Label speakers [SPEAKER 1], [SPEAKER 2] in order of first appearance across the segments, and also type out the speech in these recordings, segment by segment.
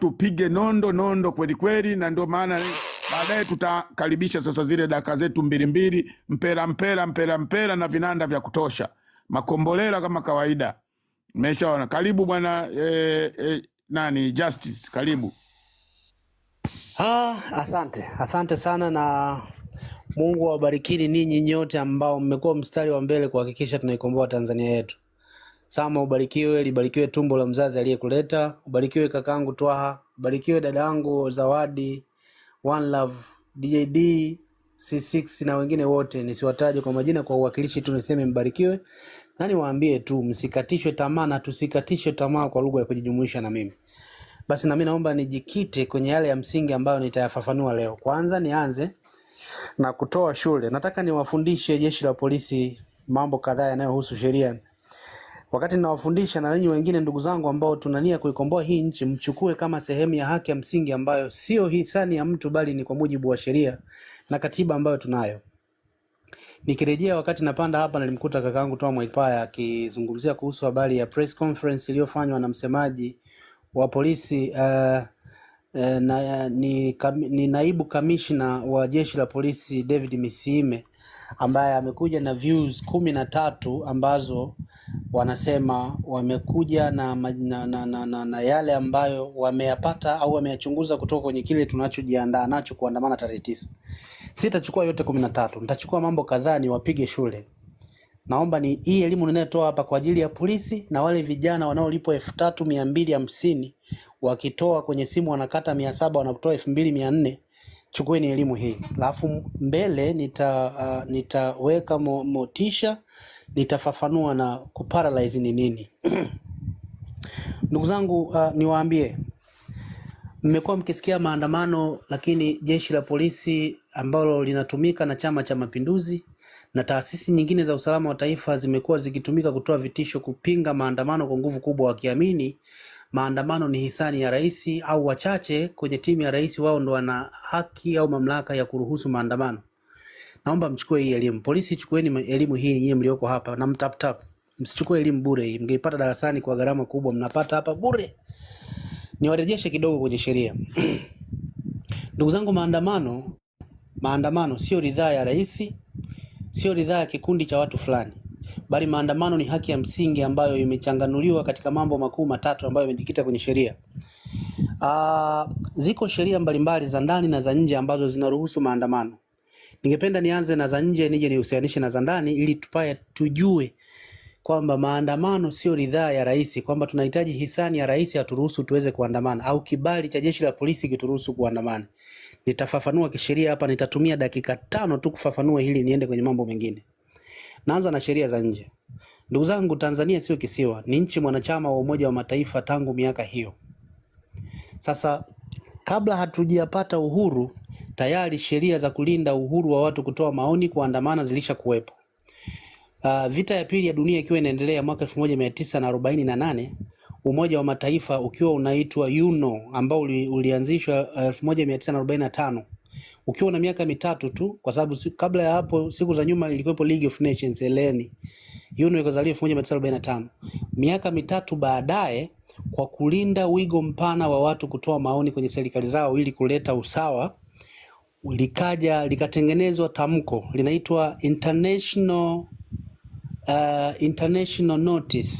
[SPEAKER 1] tupige nondo nondo kweli kweli, na ndio maana baadaye tutakaribisha sasa zile daka zetu mbili mbili, mpera mpera mpera mpera, na vinanda vya kutosha, makombolela kama kawaida. meshaona Karibu bwana e, e, nani Justice, karibu.
[SPEAKER 2] Ah, asante asante sana na Mungu awabarikini ninyi nyote ambao mmekuwa mstari wa mbele kuhakikisha tunaikomboa Tanzania yetu. Sama, ubarikiwe, libarikiwe tumbo la mzazi aliyekuleta, ubarikiwe kakaangu Twaha, ubarikiwe dadaangu Zawadi, One Love, DJD C6 na wengine wote nisiwataje kwa majina, kwa uwakilishi tu niseme mbarikiwe, na niwaambie tu msikatishwe tamaa na tusikatishwe tamaa kwa lugha ya kujijumuisha na mimi. Basi na mimi naomba nijikite kwenye yale ya msingi ambayo nitayafafanua leo. Kwanza nianze na kutoa shule. Nataka niwafundishe jeshi la polisi mambo kadhaa yanayohusu sheria Wakati nawafundisha na ninyi wengine ndugu zangu ambao tunania kuikomboa hii nchi, mchukue kama sehemu ya haki ya msingi ambayo sio hisani ya mtu, bali ni kwa mujibu wa sheria na katiba ambayo tunayo. Nikirejea wakati napanda hapa, nalimkuta kakaangu Toa Mwaipaya akizungumzia kuhusu habari ya press conference iliyofanywa na msemaji wa polisi uh, uh, na, uh, ni, kam, ni naibu kamishna wa jeshi la polisi David Misime ambaye amekuja na views kumi na tatu ambazo wanasema wamekuja na, na, na, na, na, na yale ambayo wameyapata au wameyachunguza kutoka kwenye kile tunachojiandaa nacho kuandamana tarehe tisa. Sitachukua yote kumi na tatu, nitachukua mambo kadhaa niwapige shule. Naomba ni hii elimu ninayotoa hapa kwa ajili ya polisi na wale vijana wanaolipwa elfu tatu mia mbili hamsini wakitoa kwenye simu wanakata mia saba wanatoa elfu mbili mia nne chukueni elimu hii, alafu mbele nita uh, nitaweka motisha, nitafafanua na kuparalyze ni nini. Ndugu zangu, uh, niwaambie mmekuwa mkisikia maandamano, lakini jeshi la polisi ambalo linatumika na Chama cha Mapinduzi na taasisi nyingine za usalama wa taifa zimekuwa zikitumika kutoa vitisho kupinga maandamano kwa nguvu kubwa, wakiamini maandamano ni hisani ya rais au wachache kwenye timu ya rais, wao ndo wana haki au mamlaka ya kuruhusu maandamano. Naomba mchukue hii elimu. Polisi, chukueni elimu hii nyie mlioko hapa na mtap tap. Msichukue elimu bure hii, mngeipata darasani kwa gharama kubwa, mnapata hapa bure. Niwarejeshe kidogo kwenye sheria ndugu zangu. Maandamano, maandamano sio ridhaa ya rais, sio ridhaa ya kikundi cha watu fulani bali maandamano ni haki ya msingi ambayo imechanganuliwa katika mambo makuu matatu ambayo yamejikita kwenye sheria. Uh, ziko sheria mbalimbali za ndani na za nje ambazo zinaruhusu maandamano. Ningependa nianze na za nje nije nihusianishe na za ndani ili tupaye tujue kwamba maandamano sio ridhaa ya rais, kwamba tunahitaji hisani ya rais aturuhusu tuweze kuandamana au kibali cha jeshi la polisi kituruhusu kuandamana. Nitafafanua kisheria hapa, nitatumia dakika tano tu kufafanua hili, niende kwenye mambo mengine. Naanza na sheria za nje. Ndugu zangu, Tanzania sio kisiwa, ni nchi mwanachama wa Umoja wa Mataifa tangu miaka hiyo. Sasa kabla hatujapata uhuru, tayari sheria za kulinda uhuru wa watu kutoa maoni, kuandamana zilisha kuwepo. Uh, ah, vita ya pili ya dunia ikiwa inaendelea mwaka 1948 Umoja wa Mataifa ukiwa unaitwa UNO ambao ulianzishwa 1945 ah, ukiwa na miaka mitatu tu, kwa sababu kabla ya hapo siku za nyuma ilikuwepo League of Nations eleni ndio ikazaliwa 1945 miaka mitatu baadaye, kwa kulinda wigo mpana wa watu kutoa maoni kwenye serikali zao ili kuleta usawa, likaja likatengenezwa tamko linaitwa international, uh, international notice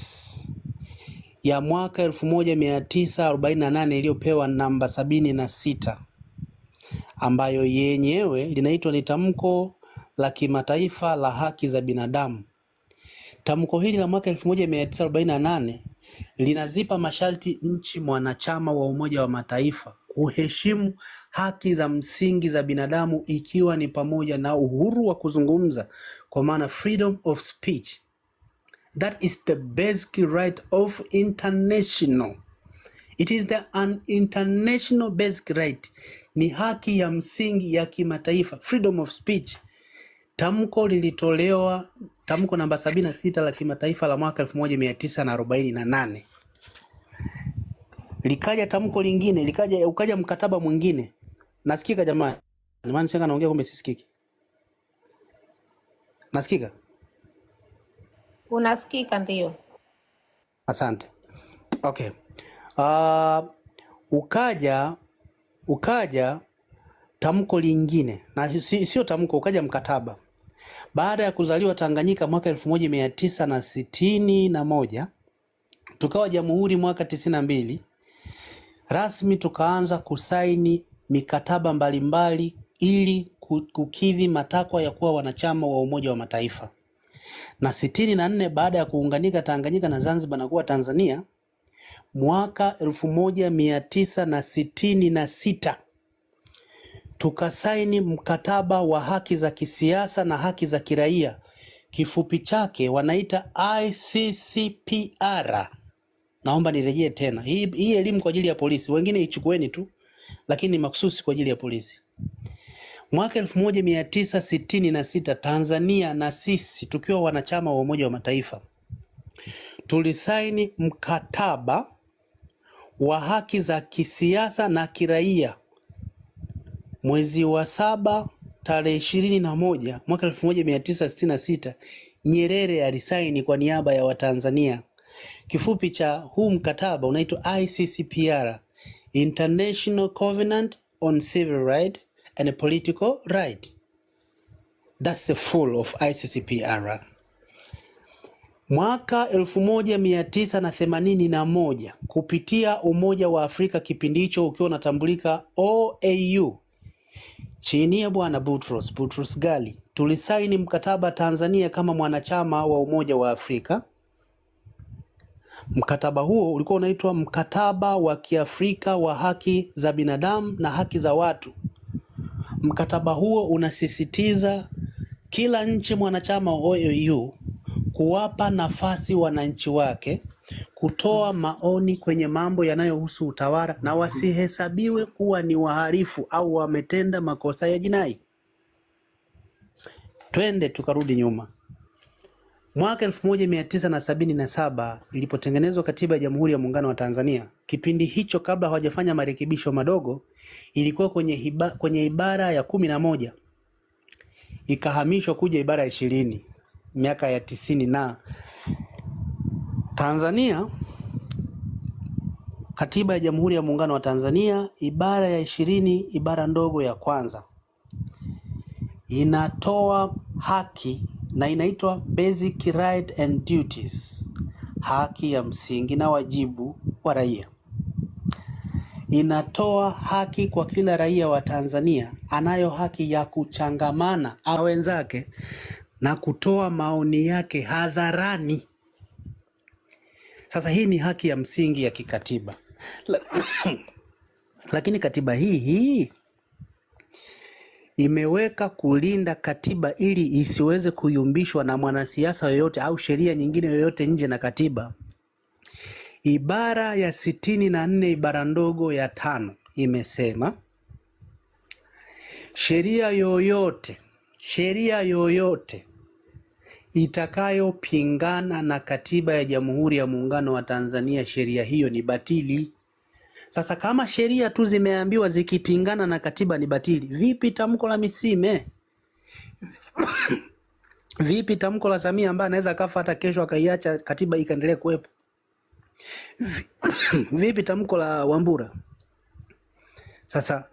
[SPEAKER 2] ya mwaka 1948 iliyopewa namba sabini na sita ambayo yenyewe linaitwa ni tamko la kimataifa la haki za binadamu. Tamko hili la mwaka 1948 linazipa masharti nchi mwanachama wa Umoja wa Mataifa kuheshimu haki za msingi za binadamu ikiwa ni pamoja na uhuru wa kuzungumza kwa maana freedom of speech. That is the basic right of international It is the, an international basic right, ni haki ya msingi ya kimataifa freedom of speech. Tamko lilitolewa tamko namba 76 la kimataifa la mwaka 1948 likaja tamko lingine likaja, ukaja mkataba mwingine. Nasikika jamani? ni Maana shanga naongea kumbe sisikiki. Nasikika?
[SPEAKER 3] Unasikika? Ndio,
[SPEAKER 2] asante. Okay. Uh, ukaja ukaja tamko lingine na sio tamko, ukaja mkataba baada ya kuzaliwa Tanganyika mwaka elfu moja mia tisa na sitini na moja tukawa jamhuri mwaka tisini na mbili rasmi tukaanza kusaini mikataba mbalimbali ili kukidhi matakwa ya kuwa wanachama wa Umoja wa Mataifa, na sitini na nne baada ya kuunganika Tanganyika na Zanzibar na kuwa Tanzania mwaka elfu moja mia tisa na sitini na sita tukasaini mkataba wa haki za kisiasa na haki za kiraia, kifupi chake wanaita ICCPR. Naomba nirejee tena hii, hii elimu kwa ajili ya polisi, wengine ichukueni tu, lakini ni makususi kwa ajili ya polisi. Mwaka elfu moja mia tisa sitini na sita Tanzania na sisi tukiwa wanachama wa Umoja wa Mataifa tulisaini mkataba wa haki za kisiasa na kiraia mwezi wa saba tarehe ishirini na moja mwaka elfu moja mia tisa sitini na sita Nyerere alisaini kwa niaba ya Watanzania. Kifupi cha huu mkataba unaitwa ICCPR, International Covenant on Civil Right and Political Right. That's the full of ICCPR. Mwaka elfu moja mia tisa na themanini na moja kupitia Umoja wa Afrika, kipindi hicho ukiwa unatambulika OAU, chini ya bwana Boutros Boutros Ghali, tulisaini mkataba Tanzania kama mwanachama wa Umoja wa Afrika. Mkataba huo ulikuwa unaitwa Mkataba wa Kiafrika wa Haki za Binadamu na Haki za Watu. Mkataba huo unasisitiza kila nchi mwanachama wa OAU kuwapa nafasi wananchi wake kutoa maoni kwenye mambo yanayohusu utawala na wasihesabiwe kuwa ni wahalifu au wametenda makosa ya jinai. Twende tukarudi nyuma mwaka elfu moja mia tisa na na sabini saba ilipotengenezwa katiba ya Jamhuri ya Muungano wa Tanzania. Kipindi hicho kabla hawajafanya marekebisho madogo, ilikuwa kwenye, hiba, kwenye ibara ya kumi na moja ikahamishwa kuja ibara ya ishirini miaka ya tisini na Tanzania, katiba ya Jamhuri ya Muungano wa Tanzania ibara ya ishirini ibara ndogo ya kwanza inatoa haki na inaitwa basic right and duties, haki ya msingi na wajibu wa raia. Inatoa haki kwa kila raia wa Tanzania, anayo haki ya kuchangamana na wenzake na kutoa maoni yake hadharani. Sasa hii ni haki ya msingi ya kikatiba lakini katiba hii hii imeweka kulinda katiba ili isiweze kuyumbishwa na mwanasiasa yoyote au sheria nyingine yoyote nje na katiba. Ibara ya sitini na nne ibara ndogo ya tano imesema sheria yoyote, sheria yoyote itakayopingana na katiba ya Jamhuri ya Muungano wa Tanzania, sheria hiyo ni batili. Sasa kama sheria tu zimeambiwa zikipingana na katiba ni batili, vipi tamko la Misime? Vipi tamko la Samia ambaye anaweza kafa hata kesho akaiacha katiba ikaendelea kuwepo? Vipi tamko la Wambura? Sasa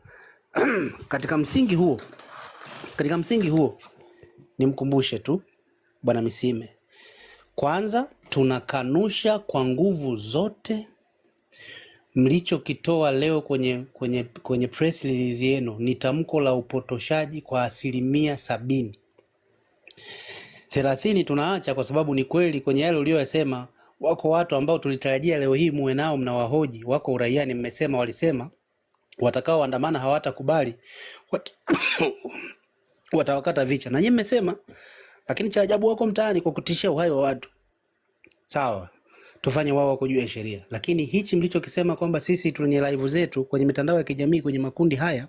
[SPEAKER 2] katika msingi huo, katika msingi huo nimkumbushe tu Bwana Misime. Kwanza tunakanusha kwa nguvu zote mlichokitoa leo kwenye, kwenye, kwenye press release yenu ni tamko la upotoshaji kwa asilimia sabini. Thelathini tunaacha kwa sababu ni kweli kwenye yale uliyoyasema, wako watu ambao tulitarajia leo hii muwe nao mnawahoji, wako uraiani, mmesema walisema watakaoandamana hawatakubali wat... watawakata vicha na nyinyi mmesema lakini cha ajabu wako mtaani kwa kutishia uhai wa watu. Sawa, tufanye wao wako juu ya sheria, lakini hichi mlichokisema kwamba sisi tunye live zetu kwenye mitandao ya kijamii kwenye makundi haya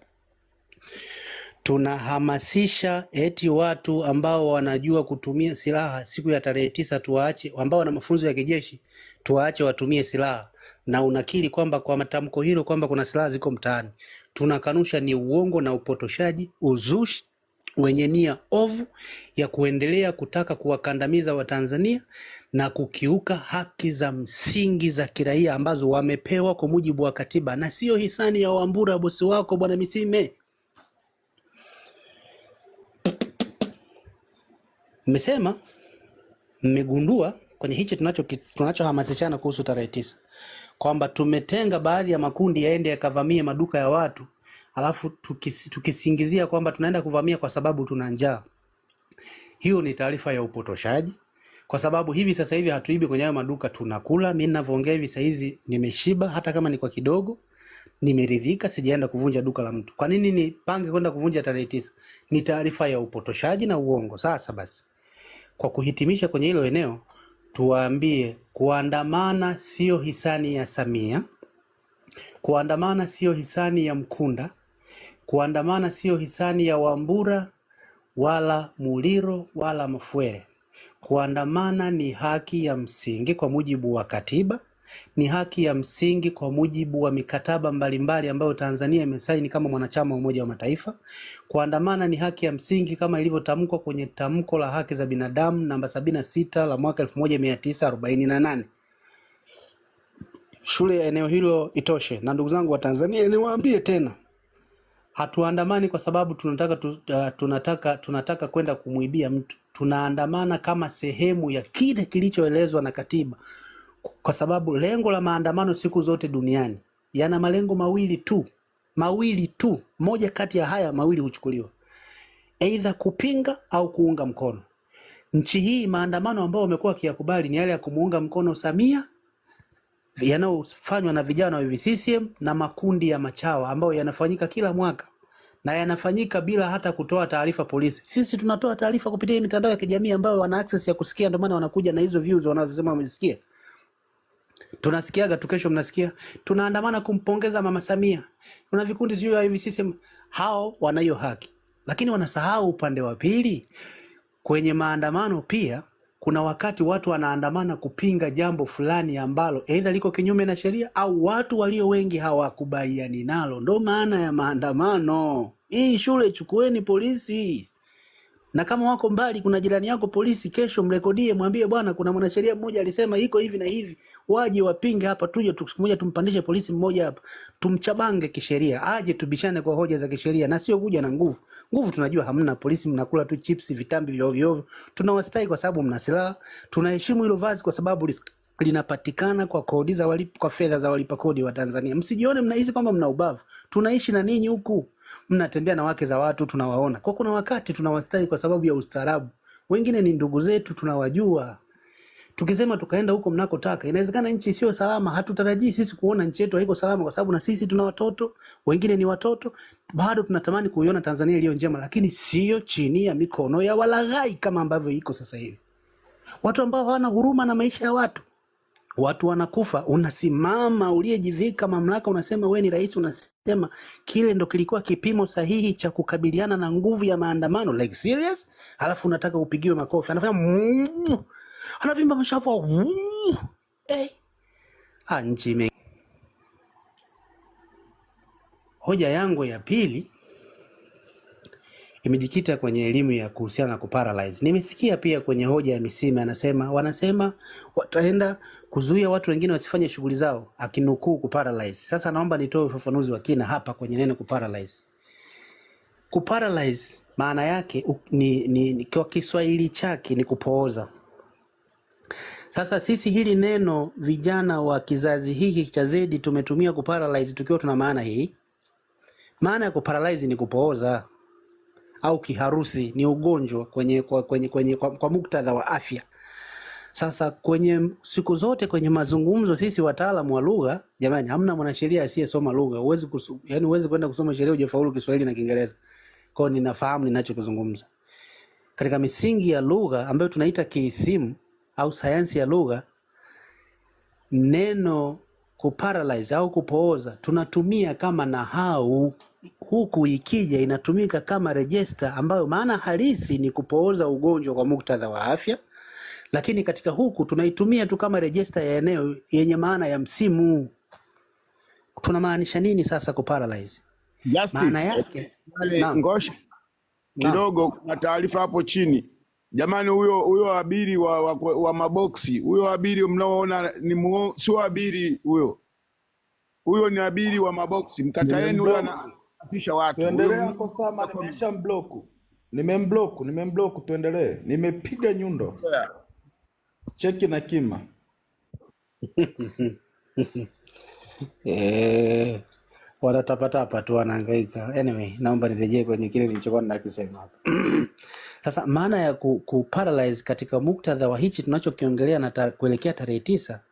[SPEAKER 2] tunahamasisha eti watu ambao wanajua kutumia silaha siku ya tarehe tisa tuwaache, ambao wana mafunzo ya kijeshi tuwaache watumie silaha, na unakiri kwamba kwa matamko hilo kwamba kuna silaha ziko mtaani, tunakanusha. Ni uongo na upotoshaji, uzushi wenye nia ovu ya kuendelea kutaka kuwakandamiza Watanzania na kukiuka haki za msingi za kiraia ambazo wamepewa kwa mujibu wa katiba, na siyo hisani ya Wambura bosi wako Bwana Misime. Mmesema mmegundua kwenye hichi tunachohamasishana tunacho kuhusu tarehe tisa kwamba tumetenga baadhi ya makundi yaende yakavamie maduka ya watu alafu tukisi, tukisingizia kwamba tunaenda kuvamia kwa sababu tuna njaa, hiyo ni taarifa ya upotoshaji, kwa sababu hivi sasa hivi hatuibi kwenye hayo maduka, tunakula. Mimi ninavyoongea hivi sasa hizi nimeshiba, hata kama ni kwa kidogo, nimeridhika, sijaenda kuvunja duka la mtu. Kwa nini nipange kwenda kuvunja tarehe tisa? Ni taarifa ya upotoshaji na uongo. Sasa basi, kwa kuhitimisha kwenye hilo eneo, tuwaambie kuandamana sio hisani ya Samia, kuandamana sio hisani ya Mkunda, Kuandamana siyo hisani ya Wambura wala Muliro wala Mafuere. Kuandamana ni haki ya msingi kwa mujibu wa katiba, ni haki ya msingi kwa mujibu wa mikataba mbalimbali ambayo Tanzania imesaini kama mwanachama wa Umoja wa Mataifa. Kuandamana ni haki ya msingi kama ilivyotamkwa kwenye Tamko la Haki za Binadamu namba 76 la mwaka 1948. Shule ya eneo hilo itoshe. Na ndugu zangu wa Tanzania, niwaambie tena Hatuandamani kwa sababu tunataka, tu, uh, tunataka, tunataka kwenda kumwibia mtu. Tunaandamana kama sehemu ya kile kilichoelezwa na katiba, kwa sababu lengo la maandamano siku zote duniani yana malengo mawili tu, mawili tu. Moja kati ya haya mawili huchukuliwa aidha kupinga au kuunga mkono. Nchi hii maandamano ambayo wamekuwa wakiyakubali ni yale ya kumuunga mkono Samia yanayofanywa na vijana wa UVCCM na makundi ya machawa ambayo yanafanyika kila mwaka na yanafanyika bila hata kutoa taarifa polisi. Sisi tunatoa taarifa kupitia mitandao ya kijamii ambayo wana access ya kusikia, ndio maana wanakuja na hizo views wanazosema wamesikia. Tunasikiaga tu, kesho mnasikia tunaandamana kumpongeza Mama Samia, kuna vikundi sio ya Sisi hao wanayo haki, lakini wanasahau upande wa pili kwenye maandamano pia kuna wakati watu wanaandamana kupinga jambo fulani ambalo aidha liko kinyume na sheria au watu walio wengi hawakubaliani nalo. Ndo maana ya maandamano. Hii shule, chukueni polisi na kama wako mbali, kuna jirani yako polisi, kesho mrekodie, mwambie bwana, kuna mwanasheria mmoja alisema iko hivi na hivi, waje wapinge hapa, tuje siku moja tumpandishe polisi mmoja hapa, tumchabange kisheria, aje tubishane kwa hoja za kisheria na sio kuja na nguvu. Nguvu tunajua hamna, polisi mnakula tu chipsi, vitambi vya ovyo ovyo. Tunawastai kwa sababu mna silaha, tunaheshimu hilo vazi kwa sababu linapatikana kwa kodi za walipa, kwa fedha za walipa kodi wa Tanzania. Msijione mnahisi kwamba mna ubavu, tunaishi na ninyi huku, mnatembea na wake za watu tunawaona, kwa kuna wakati tunawastahi kwa sababu ya ustaarabu. Wengine ni ndugu zetu, tunawajua. Tukisema tukaenda huko mnakotaka, inawezekana nchi sio salama. Hatutarajii sisi kuona nchi yetu haiko salama, kwa sababu na sisi tuna watoto, wengine ni watoto. Bado tunatamani kuiona Tanzania iliyo njema, lakini sio chini ya mikono ya walaghai kama ambavyo iko sasa hivi, watu ambao hawana huruma na maisha ya watu watu wanakufa, unasimama uliyejivika mamlaka, unasema we ni rais, unasema kile ndo kilikuwa kipimo sahihi cha kukabiliana na nguvu ya maandamano. Like serious? Alafu unataka upigiwe makofi, anafanya mmm, anavimba mshavu mmm, eh, ah, nchi Hoja yangu ya pili imejikita kwenye elimu ya kuhusiana na kuparalyze. Nimesikia pia kwenye hoja ya Misime anasema wanasema wataenda kuzuia watu wengine wasifanye shughuli zao, akinukuu kuparalyze. Sasa naomba nitoe ufafanuzi wa kina hapa kwenye neno kuparalyze. Kuparalyze maana yake ni, ni, ni, kwa Kiswahili chake ni kupooza. Sasa sisi hili neno vijana wa kizazi hiki cha zedi tumetumia kuparalyze tukiwa tuna maana hii. Maana ya kuparalyze ni kupooza au kiharusi ni ugonjwa kwenye, kwa, kwenye, kwenye, kwa, kwa muktadha wa afya. Sasa kwenye siku zote kwenye mazungumzo, sisi wataalamu wa lugha, jamani, hamna mwanasheria asiyesoma lugha. Huwezi yani, huwezi kwenda kusoma sheria ujafaulu Kiswahili na Kiingereza. Kwao ninafahamu ninachokizungumza. Katika misingi ya lugha ambayo tunaita kiisimu au sayansi ya lugha, neno kuparalyze au kupooza tunatumia kama nahau huku ikija inatumika kama rejesta ambayo maana halisi ni kupooza ugonjwa kwa muktadha wa afya, lakini katika huku tunaitumia tu kama rejesta ya eneo yenye maana ya msimu. Tunamaanisha nini sasa kuparalyze? Maana yake eh,
[SPEAKER 1] eh, ngosha kidogo, kuna taarifa hapo chini jamani, huyo huyo abiri wa, wa, wa maboksi huyo abiri mnaoona ni sio abiri huyo, huyo ni abiri wa maboksi, mkataeni huyo kuhamasisha watu. Tuendelee hapo Samma, nimesha mbloku, nimembloku, nimembloku. Tuendelee, nimepiga nyundo yeah. Cheki na kima
[SPEAKER 2] eh, wanatapatapa tu wanahangaika. Anyway, naomba nirejee kwenye kile nilichokuwa ninakisema hapa. Sasa maana ya ku, ku paralyze katika muktadha wa hichi tunachokiongelea na ta, kuelekea tarehe tisa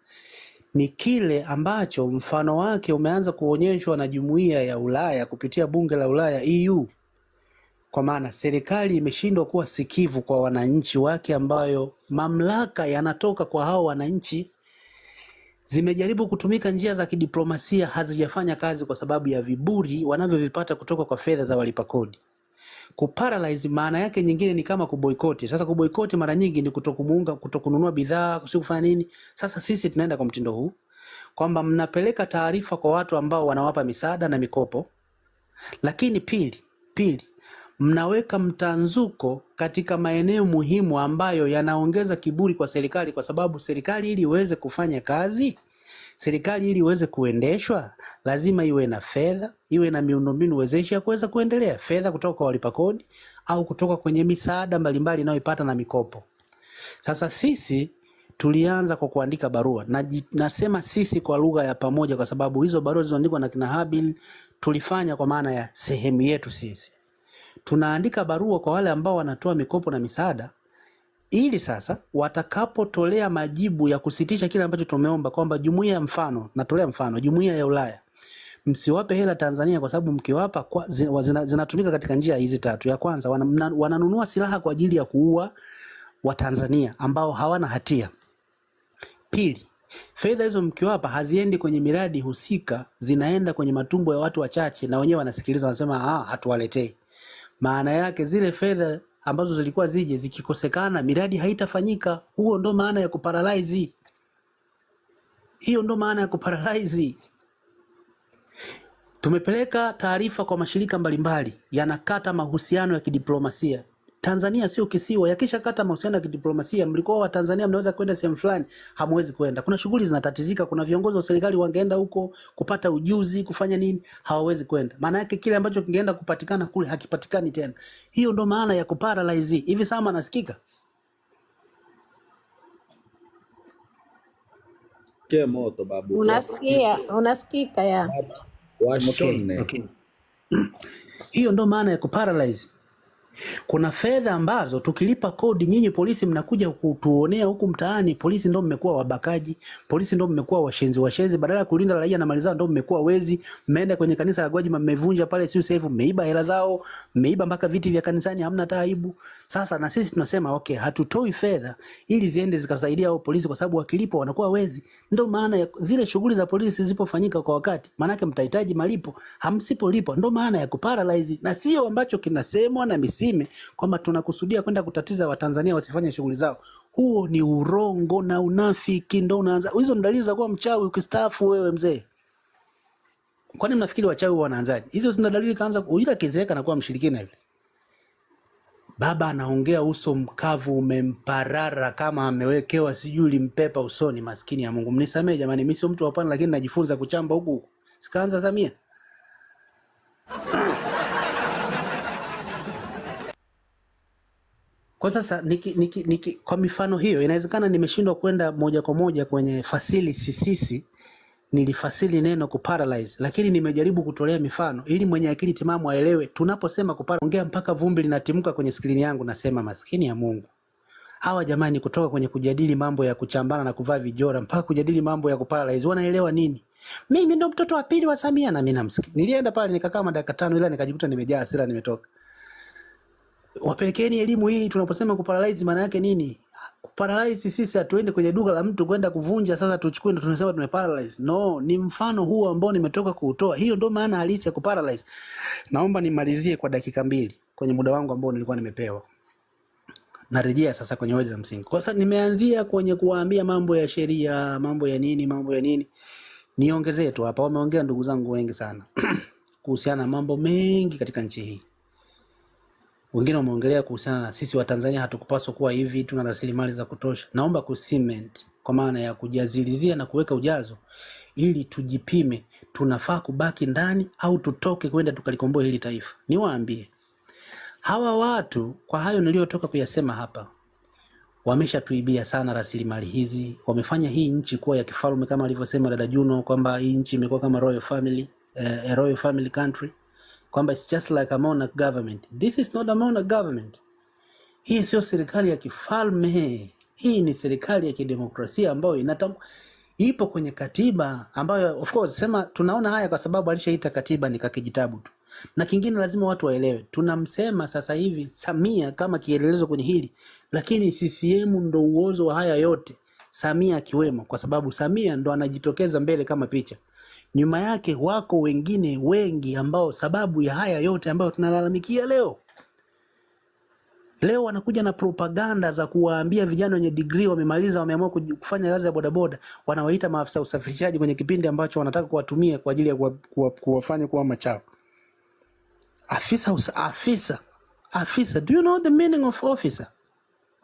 [SPEAKER 2] ni kile ambacho mfano wake umeanza kuonyeshwa na Jumuiya ya Ulaya kupitia Bunge la Ulaya EU. Kwa maana serikali imeshindwa kuwa sikivu kwa wananchi wake, ambayo mamlaka yanatoka kwa hao wananchi. Zimejaribu kutumika njia za kidiplomasia, hazijafanya kazi kwa sababu ya viburi wanavyovipata kutoka kwa fedha za walipa kodi. Kuparalyze maana yake nyingine ni kama kuboikoti. Sasa kuboikoti mara nyingi ni kutokumuunga, kutokununua bidhaa, kufanya nini. Sasa sisi tunaenda kwa mtindo huu kwamba mnapeleka taarifa kwa watu ambao wanawapa misaada na mikopo, lakini pili pili mnaweka mtanzuko katika maeneo muhimu ambayo yanaongeza kiburi kwa serikali, kwa sababu serikali ili iweze kufanya kazi serikali ili iweze kuendeshwa lazima iwe na fedha, iwe na miundombinu wezeshi ya kuweza kuendelea, fedha kutoka kwa walipa kodi au kutoka kwenye misaada mbalimbali inayoipata na mikopo. Sasa sisi tulianza kwa kuandika barua na nasema sisi kwa lugha ya pamoja, kwa sababu hizo barua zilizoandikwa na kina Habil tulifanya kwa maana ya sehemu yetu sisi. Tunaandika barua kwa wale ambao wanatoa mikopo na misaada ili sasa watakapotolea majibu ya kusitisha kile ambacho tumeomba kwamba jumuiya mfano, natolea mfano jumuiya ya Ulaya msiwape hela Tanzania kwa sababu mkiwapa zinatumika zina, zina katika njia hizi tatu. Ya kwanza wana, wananunua silaha kwa ajili ya kuua Watanzania ambao hawana hatia. Pili, fedha hizo mkiwapa haziendi kwenye miradi husika, zinaenda kwenye matumbo ya watu wachache, na wenyewe wanasikiliza, wanasema ah, hatuwaletei. Maana yake zile fedha ambazo zilikuwa zije, zikikosekana miradi haitafanyika. Huo ndo maana ya kuparalyze, hiyo ndo maana ya kuparalyze. Tumepeleka taarifa kwa mashirika mbalimbali, yanakata mahusiano ya kidiplomasia. Tanzania sio kisiwa. yakisha kata mahusiano ya kidiplomasia, mlikuwa wa Tanzania mnaweza kwenda sehemu fulani, hamwezi kwenda. Kuna shughuli zinatatizika, kuna viongozi wa serikali wangeenda huko kupata ujuzi, kufanya nini, hawawezi kwenda. Maana yake kile ambacho kingeenda kupatikana kule hakipatikani tena. Hiyo ndo maana ya kuparalyze. Hivi sasa anasikika?
[SPEAKER 1] Moto babu,
[SPEAKER 3] unasikia? Unasikika ya
[SPEAKER 1] Okay, Okay.
[SPEAKER 2] Hiyo ndo maana ya kuparalyze. Kuna fedha ambazo tukilipa kodi, nyinyi polisi mnakuja kutuonea huku mtaani. Polisi ndio mmekuwa wabakaji, polisi ndio mmekuwa washenzi washenzi, badala ya kulinda raia na mali zao ndio mmekuwa wezi. Mmeenda kwenye kanisa la Gwajima mmevunja pale, sio safe, mmeiba hela zao, mmeiba mpaka viti vya kanisani, hamna taibu. Sasa na sisi tunasema okay, hatutoi fedha ili ziende zikasaidia hao polisi, kwa sababu wakilipo wanakuwa wezi. Ndio maana ya zile shughuli za polisi zipofanyika kwa wakati, maana mtahitaji malipo, hamsipolipa ndio maana ya kuparalyze, na sio ambacho kinasemwa na misi usiseme kwamba tunakusudia kwenda kutatiza Watanzania wasifanye shughuli zao. Huo ni urongo na unafiki, ndo unaanza hizo. Ni dalili za kuwa mchawi ukistaafu wewe mzee. Kwani mnafikiri wachawi wanaanzaje? Hizo zina dalili kaanza ila kizeeka na kuwa mshirikina hivi Baba anaongea uso mkavu umemparara kama amewekewa sijui limpepa usoni. Maskini ya Mungu, mnisamee jamani, mimi sio mtu hapana, lakini najifunza kuchamba huku. Sikaanza Samia Kwa sasa niki, niki, niki, kwa mifano hiyo inawezekana nimeshindwa kwenda moja kwa moja kwenye fasili sisisi, nilifasili neno kuparalyze, lakini nimejaribu kutolea mifano ili mwenye akili timamu aelewe. Tunaposema kuparaongea mpaka vumbi linatimka kwenye skrini yangu, nasema maskini ya Mungu hawa jamani, kutoka kwenye kujadili mambo ya kuchambana na kuvaa vijora mpaka kujadili mambo ya kuparalyze, wanaelewa nini? Mimi ndo mtoto wa pili wa Samia na mimi namsikia. Nilienda pale nikakaa madakika tano, ila nikajikuta nimejaa hasira, nimetoka wapelekeni elimu hii. Tunaposema kuparalyze maana yake nini? Kuparalyze sisi hatuende kwenye duka la mtu kwenda kuvunja, sasa tuchukue ndo tunasema tumeparalyze. No, ni mfano huu ambao nimetoka kuutoa. Hiyo ndio maana halisi ya kuparalyze. Naomba nimalizie kwa dakika mbili kwenye muda wangu ambao nilikuwa nimepewa. Narejea sasa kwenye hoja za msingi. Kwa sasa nimeanzia kwenye kuwaambia mambo ya sheria, mambo ya nini, mambo ya nini. Niongezee tu hapa, wameongea ndugu zangu wengi sana kuhusiana na mambo mengi katika nchi hii. Wengine wameongelea kuhusiana na sisi Watanzania hatukupaswa kuwa hivi, tuna rasilimali za kutosha. Naomba ku cement kwa maana ya kujazilizia na kuweka ujazo ili tujipime, tunafaa kubaki ndani au tutoke kwenda tukalikomboa hili taifa. Niwaambie hawa watu, kwa hayo niliyotoka kuyasema hapa, wameshatuibia sana rasilimali hizi, wamefanya hii nchi kuwa ya kifalme, kama alivyosema dada Juno kwamba hii nchi imekuwa kama royal family, eh, eh royal family country kwamba it's just like a monarch government. This is not a monarch government. Hii sio serikali ya kifalme. Hii ni serikali ya kidemokrasia ambayo inatam ipo kwenye katiba ambayo of course sema tunaona haya kwa sababu alishaita katiba ni kakijitabu tu. Na kingine lazima watu waelewe, tunamsema sasa hivi Samia kama kielelezo kwenye hili, lakini CCM ndo uozo wa haya yote, Samia akiwemo, kwa sababu Samia ndo anajitokeza mbele kama picha. Nyuma yake wako wengine wengi ambao sababu ya haya yote ambayo tunalalamikia leo Leo wanakuja na propaganda za kuwaambia vijana wenye degree wamemaliza, wameamua kufanya kazi ya bodaboda, wanawaita maafisa usafirishaji kwenye kipindi ambacho wanataka kuwatumia kwa ajili ya kuwafanya kuwa machao. Afisa, afisa, afisa. Do you know the meaning of officer?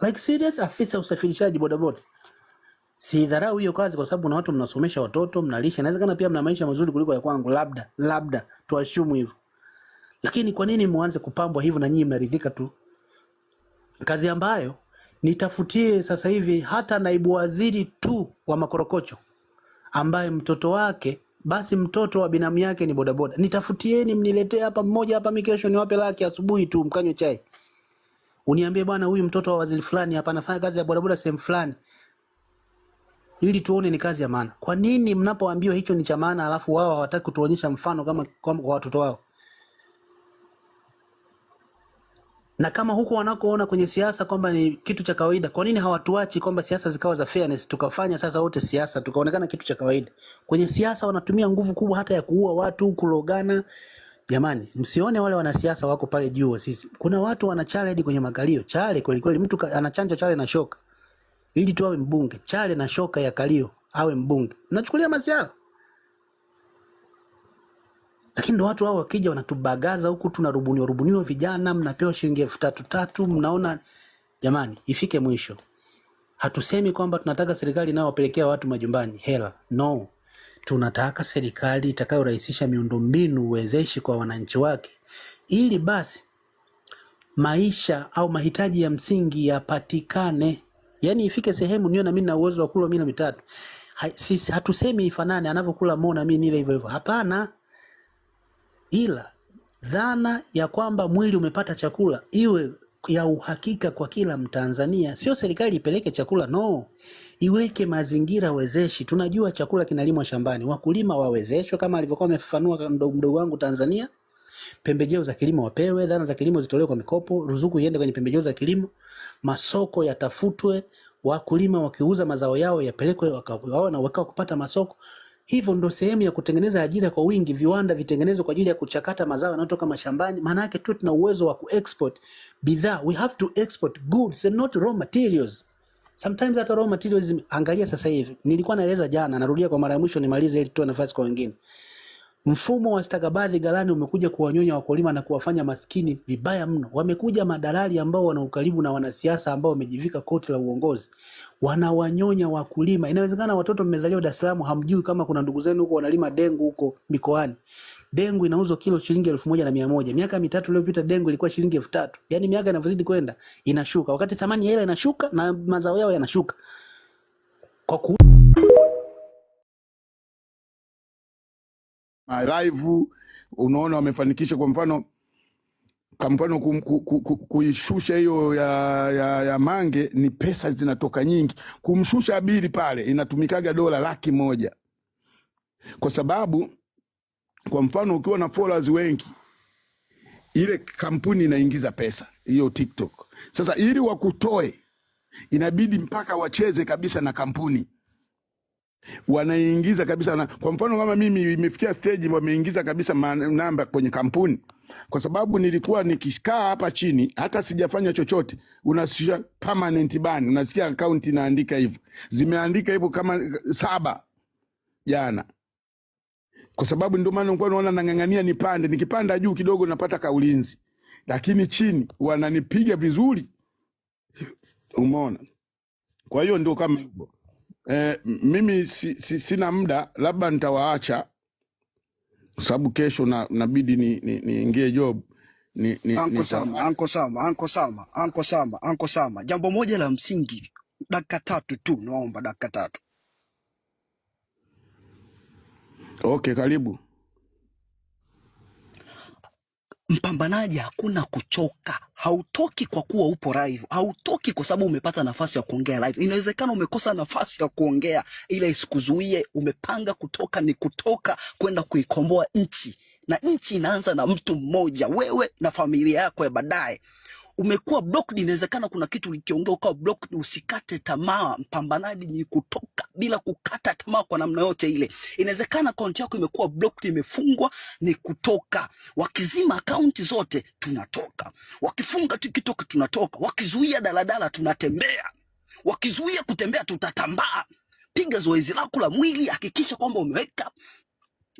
[SPEAKER 2] Like serious, afisa usafirishaji bodaboda si dharau hiyo kazi kwa sababu na watu mnasomesha watoto, mnalisha, inawezekana pia mna maisha mazuri kuliko ya kwangu, labda labda tuashumu hivyo. Lakini kwa nini mwanze kupambwa hivyo na nyinyi mnaridhika tu? Kazi ambayo nitafutie sasa hivi hata naibu waziri tu wa makorokocho ambaye mtoto wake basi mtoto wa binamu yake ni bodaboda, nitafutieni mniletee hapa mmoja hapa, mimi kesho niwape laki asubuhi tu mkanywe chai, uniambie bwana, huyu mtoto wa waziri fulani hapa anafanya kazi ya bodaboda sehemu fulani, ili tuone ni kazi ya maana. Kwa nini mnapoambiwa hicho ni cha maana alafu wao hawataki kutuonyesha mfano kama kwa watoto wao? Na kama huko wanakoona kwenye siasa kwamba ni kitu cha kawaida, kwa nini hawatuachi kwamba siasa zikawa za fairness, tukafanya sasa wote siasa tukaonekana kitu cha kawaida? Kwenye siasa wanatumia nguvu kubwa hata ya kuua watu, kulogana. Jamani, msione wale wanasiasa wako pale juu, sisi kuna watu wanachale hadi kwenye makalio chale kweli kweli, mtu anachanja chale na shoka ili tu awe mbunge. Chale na shoka ya Kalio awe mbunge, mnachukulia masiara. Lakini ndo watu hao wakija wanatubagaza huku, tunarubuniwa rubuniwa, vijana mnapewa shilingi elfu tatu tatu, mnaona. Jamani, ifike mwisho. Hatusemi kwamba tunataka serikali inayowapelekea watu majumbani hela, no tunataka serikali itakayorahisisha miundombinu uwezeshi kwa wananchi wake, ili basi maisha au mahitaji ya msingi yapatikane. Yaani ifike sehemu nio na mimi na uwezo wa kula milo mitatu. Ha, sisi hatusemi ifanane anavyokula Mo na mimi nile hivyo hivyo. Hapana. Ila dhana ya kwamba mwili umepata chakula iwe ya uhakika kwa kila Mtanzania. Sio serikali ipeleke chakula, no, iweke mazingira wezeshi. Tunajua chakula kinalimwa shambani, wakulima wawezeshwe kama alivyokuwa amefafanua mdogo wangu Tanzania pembejeo za kilimo wapewe, dhana za kilimo zitolewe kwa mikopo, ruzuku iende kwenye pembejeo za kilimo, masoko yatafutwe, wakulima wakiuza mazao yao yapelekwe wakawa na wakao kupata masoko. Hivyo ndo sehemu ya kutengeneza ajira kwa wingi, viwanda vitengenezwe kwa ajili ya kuchakata mazao yanayotoka mashambani. Maana yake tu tuna uwezo wa kuexport bidhaa, we have to export goods and not raw materials. Sometimes hata raw materials, angalia sasa hivi, nilikuwa naeleza jana, narudia kwa mara ya mwisho nimalize ili tutoe nafasi kwa wengine. Mfumo wa stakabadhi ghalani umekuja kuwanyonya wakulima na kuwafanya maskini vibaya mno. Wamekuja madalali ambao wana ukaribu na wanasiasa ambao wamejivika koti la uongozi, wanawanyonya wakulima. Inawezekana watoto mmezaliwa Dar es Salaam, hamjui kama kuna ndugu zenu huko wanalima dengu huko mikoani. Dengu inauzwa kilo shilingi elfu moja na mia moja. Miaka mitatu iliyopita dengu ilikuwa shilingi elfu tatu. Yaani miaka inavyozidi kwenda inashuka, wakati thamani ya hela inashuka na mazao yao yanashuka kwa ku
[SPEAKER 1] live unaona wamefanikisha kwa mfano kwa mfano kuishusha hiyo ya, ya, ya Mange ni pesa zinatoka nyingi. Kumshusha abiri pale inatumikaga dola laki moja kwa sababu kwa mfano ukiwa na followers wengi, ile kampuni inaingiza pesa hiyo TikTok. Sasa ili wakutoe inabidi mpaka wacheze kabisa na kampuni wanaingiza kabisa na, kwa mfano kama mimi imefikia stage wameingiza kabisa namba kwenye kampuni, kwa sababu nilikuwa nikikaa hapa chini hata sijafanya chochote, unasikia permanent ban, unasikia account inaandika hivyo, zimeandika hivyo kama eh, saba jana, kwa sababu ndio maana nilikuwa naona nang'ang'ania nipande, nikipanda juu kidogo napata kaulinzi, lakini chini wananipiga vizuri, umeona? Kwa hiyo ndio kama hivyo eh, mimi si, si, sina muda, labda nitawaacha sababu kesho na, nabidi niingie ni, ni job ni, ni,
[SPEAKER 2] anko sama, anko sama, anko sama, anko sama, anko sama. Jambo moja la msingi, dakika tatu tu, naomba dakika tatu.
[SPEAKER 1] Okay, karibu.
[SPEAKER 2] mpambanaji hakuna kuchoka. Hautoki kwa kuwa upo live, hautoki kwa sababu umepata nafasi ya kuongea live. Inawezekana umekosa nafasi ya kuongea, ila isikuzuie. Umepanga kutoka, ni kutoka kwenda kuikomboa nchi, na nchi inaanza na mtu mmoja, wewe na familia yako ya baadaye umekuwa blocked. Inawezekana kuna kitu ulikiongea ukawa blocked. Usikate tamaa, mpambanaji ni kutoka bila kukata tamaa kwa namna yote ile. Inawezekana akaunti yako imekuwa blocked, imefungwa, ni kutoka. Wakizima akaunti zote tunatoka, wakifunga TikTok tunatoka, wakizuia daladala tunatembea, wakizuia kutembea tutatambaa. Piga zoezi lako la mwili, hakikisha kwamba umeweka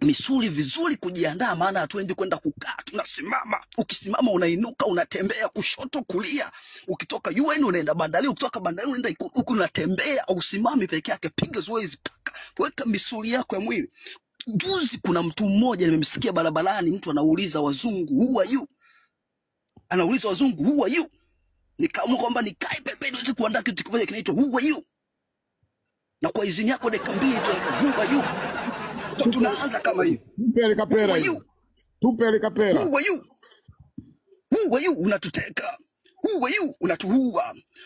[SPEAKER 2] misuli vizuri kujiandaa, maana hatuendi kwenda kukaa, tunasimama. Ukisimama unainuka, unatembea kushoto kulia. Ukitoka UN unaenda bandarini, ukitoka bandarini unaenda huku, unatembea. Usimami peke yake, piga zoezi, paka weka misuli yako ya mwili. Juzi kuna mtu mmoja nimemsikia barabarani, mtu anauliza wazungu who are you, anauliza wazungu who are you. Nikaamua kwamba nikae pembeni, niweze kuandaa kitu kimoja kinaitwa who are you, na kwa izini yako dakika mbili tu who are you tunaanza kama hivi.
[SPEAKER 1] Tupe alikapera hiyo. Tupe alikapera.
[SPEAKER 2] Who are you? Who are you? Unatuteka. Who are you? Unatuua.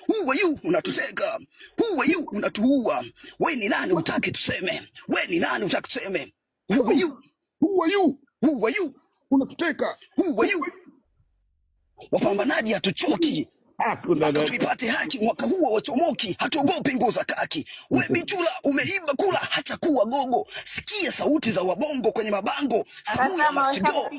[SPEAKER 2] Who are you? Unatuteka. Who are you? Unatuua. Wewe ni nani utaki tuseme? Wewe ni nani utaki tuseme? Who are you? Who are you? Who are you?
[SPEAKER 1] Unatuteka.
[SPEAKER 2] Who are you? Wapambanaji hatuchoki. Hakuna tuipate haki mwaka huu wachomoki, hatuogopi nguo za kaki. We mm-hmm. Bichula umeiba kula, hata kuwa gogo. Sikia sauti za wabongo kwenye mabango, Samia must go,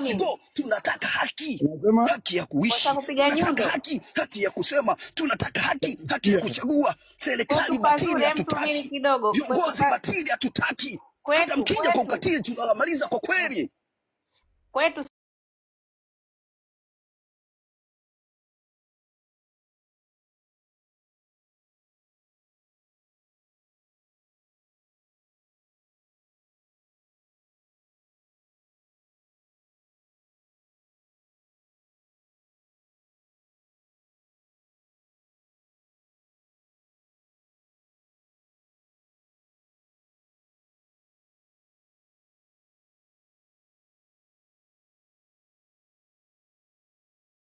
[SPEAKER 2] must go. Tunataka haki, haki ya kuishi, tunataka haki, haki ya kusema, tunataka haki, haki ya kuchagua. Serikali batili hatutaki, viongozi batili hatutaki, hata mkija kwa ukatili tunawamaliza kwa kweli kwetu.